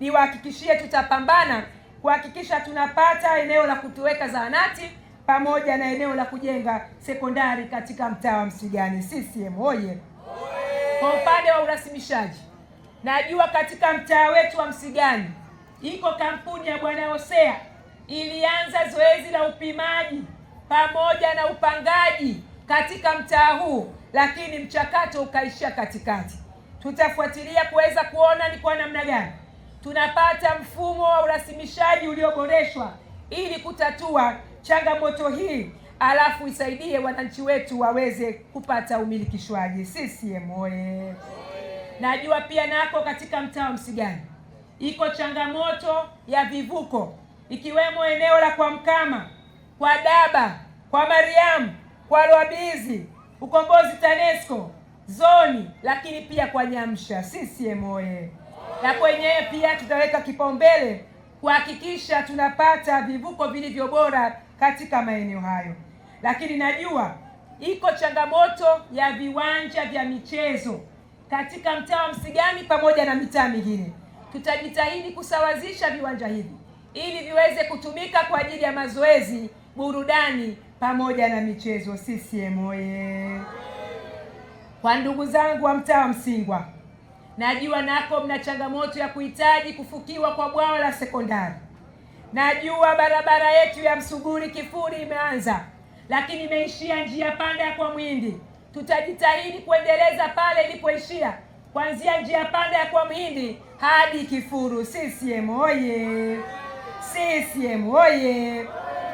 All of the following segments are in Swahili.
niwahakikishie tutapambana kuhakikisha tunapata eneo la kutuweka zahanati pamoja na eneo la kujenga sekondari katika mtaa wa Msigani. CCM oye! Kwa upande wa urasimishaji, najua katika mtaa wetu wa Msigani iko kampuni ya Bwana Hosea ilianza zoezi la upimaji pamoja na upangaji katika mtaa huu, lakini mchakato ukaishia katikati. Tutafuatilia kuweza kuona ni kwa namna gani tunapata mfumo wa urasimishaji ulioboreshwa ili kutatua changamoto hii, alafu isaidie wananchi wetu waweze kupata umilikishwaji. CCM oye! Najua pia nako katika mtaa wa Msigani iko changamoto ya vivuko, ikiwemo eneo la kwa Mkama, kwa Daba, kwa Mariamu, kwa Lwabizi, Ukombozi, TANESCO zoni, lakini pia kwa Nyamsha. CCM oye! na kwenyewe pia tutaweka kipaumbele kuhakikisha tunapata vivuko vilivyo bora katika maeneo hayo. Lakini najua iko changamoto ya viwanja vya michezo katika mtaa wa Msigani pamoja na mitaa mingine. Tutajitahidi kusawazisha viwanja hivi ili viweze kutumika kwa ajili ya mazoezi, burudani pamoja na michezo. CCM oye! Kwa ndugu zangu wa mtaa wa Msingwa Najua nako mna changamoto ya kuhitaji kufukiwa kwa bwawa la sekondari. Najua barabara yetu ya Msuguri Kifuri imeanza, lakini imeishia njia panda ya kwa Mwindi. Tutajitahidi kuendeleza pale ilipoishia, kuanzia njia panda ya kwa Mwindi hadi Kifuru. CCM oye! CCM oye!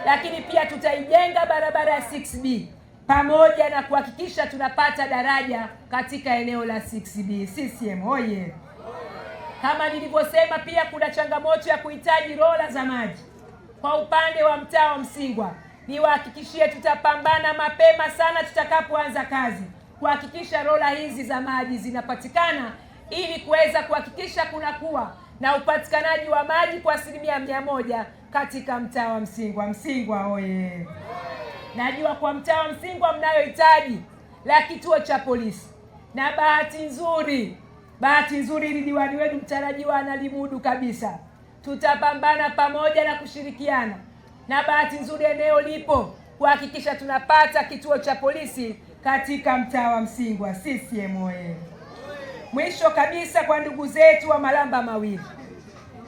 Lakini pia tutaijenga barabara ya 6B pamoja na kuhakikisha tunapata daraja katika eneo la 6B. CCM oye! Kama nilivyosema, pia kuna changamoto ya kuhitaji rola za maji kwa upande wa mtaa wa Msingwa. Niwahakikishie tutapambana mapema sana tutakapoanza kazi kuhakikisha rola hizi za maji zinapatikana ili kuweza kuhakikisha kunakuwa na upatikanaji wa maji kwa asilimia mia moja katika mtaa wa Msingwa. Msingwa oye! Najua kwa mtaa wa Msingwa mnayohitaji la kituo cha polisi, na bahati nzuri, bahati nzuri ili diwani wenu mtarajiwa analimudu kabisa. Tutapambana pamoja na kushirikiana, na bahati nzuri eneo lipo kuhakikisha tunapata kituo cha polisi katika mtaa wa Msingwa. CCM oyee! Mwisho kabisa, kwa ndugu zetu wa Malamba Mawili,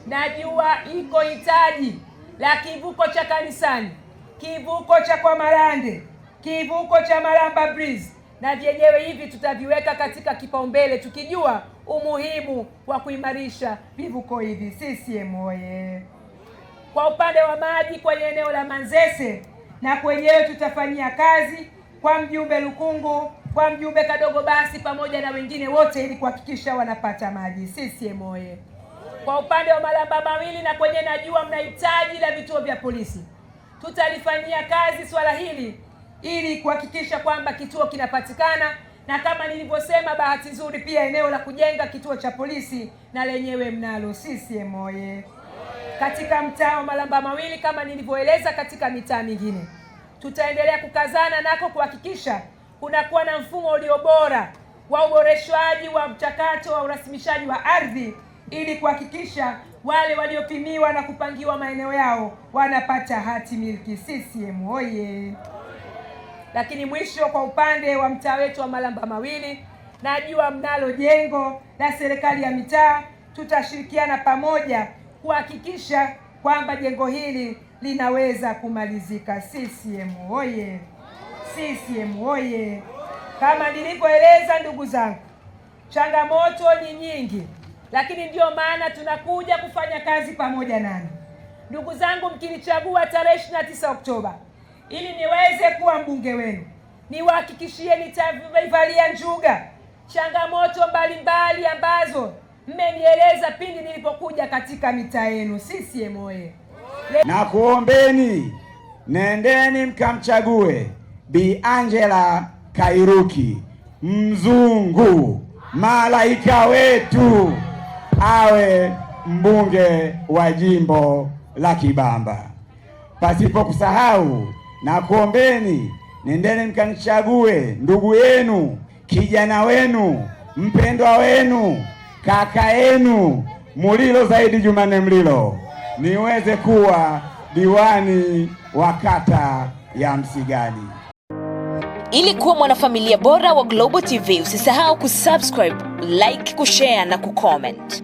najua iko hitaji la kivuko cha kanisani kivuko cha kwa Marande, kivuko cha Maramba Breeze na vyenyewe hivi tutaviweka katika kipaumbele tukijua umuhimu wa kuimarisha vivuko hivi. CCM oye! Kwa upande wa maji kwenye eneo la Manzese na kwenyewe tutafanyia kazi kwa mjumbe Lukungu, kwa mjumbe Kadogo basi pamoja na wengine wote ili kuhakikisha wanapata maji. CCM oye! Kwa upande wa Maramba Mawili na kwenye najua mnahitaji la vituo vya polisi tutalifanyia kazi swala hili ili kuhakikisha kwamba kituo kinapatikana, na kama nilivyosema, bahati nzuri pia eneo la kujenga kituo cha polisi na lenyewe mnalo. CCM oye! Katika mtaa wa Malamba Mawili, kama nilivyoeleza, katika mitaa mingine tutaendelea kukazana nako kuhakikisha kunakuwa na mfumo ulio bora wa uboreshwaji wa mchakato wa urasimishaji wa ardhi ili kuhakikisha wale waliopimiwa na kupangiwa maeneo yao wanapata hati miliki. CCM oye! Lakini mwisho, kwa upande wa mtaa wetu wa Malamba Mawili, najua mnalo jengo la serikali ya mitaa. Tutashirikiana pamoja kuhakikisha kwamba jengo hili linaweza kumalizika. CCM oye! CCM oye! Kama nilivyoeleza ndugu zangu, changamoto ni nyingi lakini ndiyo maana tunakuja kufanya kazi pamoja nani. Ndugu zangu, mkinichagua tarehe 29 Oktoba ili niweze kuwa mbunge wenu, niwahakikishie nitaivalia njuga changamoto mbalimbali ambazo mmenieleza pindi nilipokuja katika mitaa yenu. CCM oyee! Na kuombeni nendeni mkamchague Bi Angela Kairuki, mzungu malaika wetu awe mbunge wa jimbo la Kibamba. Pasipo kusahau na kuombeni, nendeni mkanichague ndugu yenu, kijana wenu, mpendwa wenu, kaka yenu Mulilo Zaidi Jumane Mlilo niweze kuwa diwani wa kata ya Msigani. Ili kuwa mwanafamilia bora wa Global TV, usisahau kusubscribe, like, kushare na kucomment.